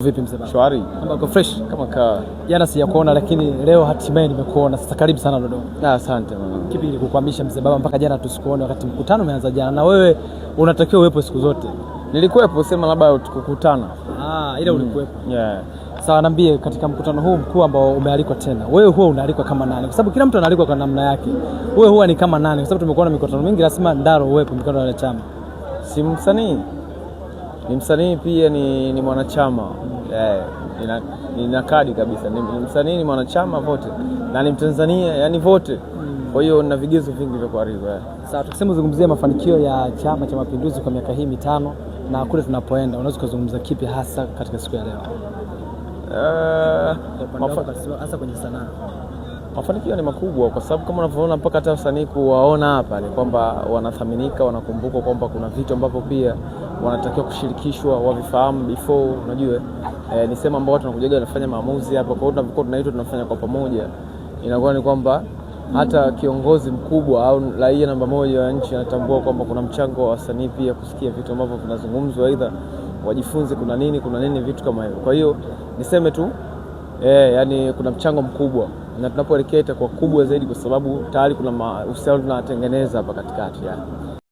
Vipi mzee Shwari. Kama uko fresh kama kawa. Jana sijakuona lakini leo hatimaye nimekuona. Sasa karibu sana Dodoma. Ah, asante mama. Kipi ilikukwamisha mzee baba mpaka jana tusikuone wakati mkutano umeanza jana na wewe unatakiwa uwepo siku zote. Nilikuwepo, sema labda tukukutana. Ah, ila mm. ulikuwepo. Mm. Yeah. Sawa, niambie katika mkutano huu mkuu ambao umealikwa tena. Wewe huwa unaalikwa kama nani? Kwa sababu kila mtu anaalikwa kwa namna yake. Wewe huwa ni kama nani? Kwa sababu tumekuona mikutano mingi lazima ndaro uwepo mikutano ya chama. Si msanii. Ni msanii pia ni, ni mwanachama yeah, nina, nina kadi kabisa ni, msanii ni mwanachama vote na ni Mtanzania yani vote hmm. Kwa hiyo na vigezo vingi vya kuarizwa yeah. Sasa tukisema zungumzia mafanikio ya Chama cha Mapinduzi kwa miaka hii mitano na kule tunapoenda, unaweza kuzungumza kipi hasa katika siku ya leo? Uh, hasa kwenye sanaa mafanikio ni makubwa kwa sababu kama unavyoona mpaka hata wasanii kuwaona hapa ni kwamba wanathaminika, wanakumbukwa kwamba kuna vitu ambavyo pia wanatakiwa kushirikishwa, wavifahamu before, unajua e, ni sehemu ambao watu tunafanya maamuzi hapa. Kwa hiyo tunapokuwa tunaitwa tunafanya kwa pamoja, inakuwa ni kwamba hata kiongozi mkubwa au raia namba moja wa nchi anatambua kwamba kuna mchango wa wasanii pia kusikia vitu ambavyo vinazungumzwa, aidha wajifunze kuna nini kuna nini, vitu kama hivyo. Kwa hiyo niseme tu e, yani kuna mchango mkubwa na tunapoelekea itakuwa kubwa zaidi, kwa sababu tayari kuna mahusiano tunatengeneza hapa katikati yani.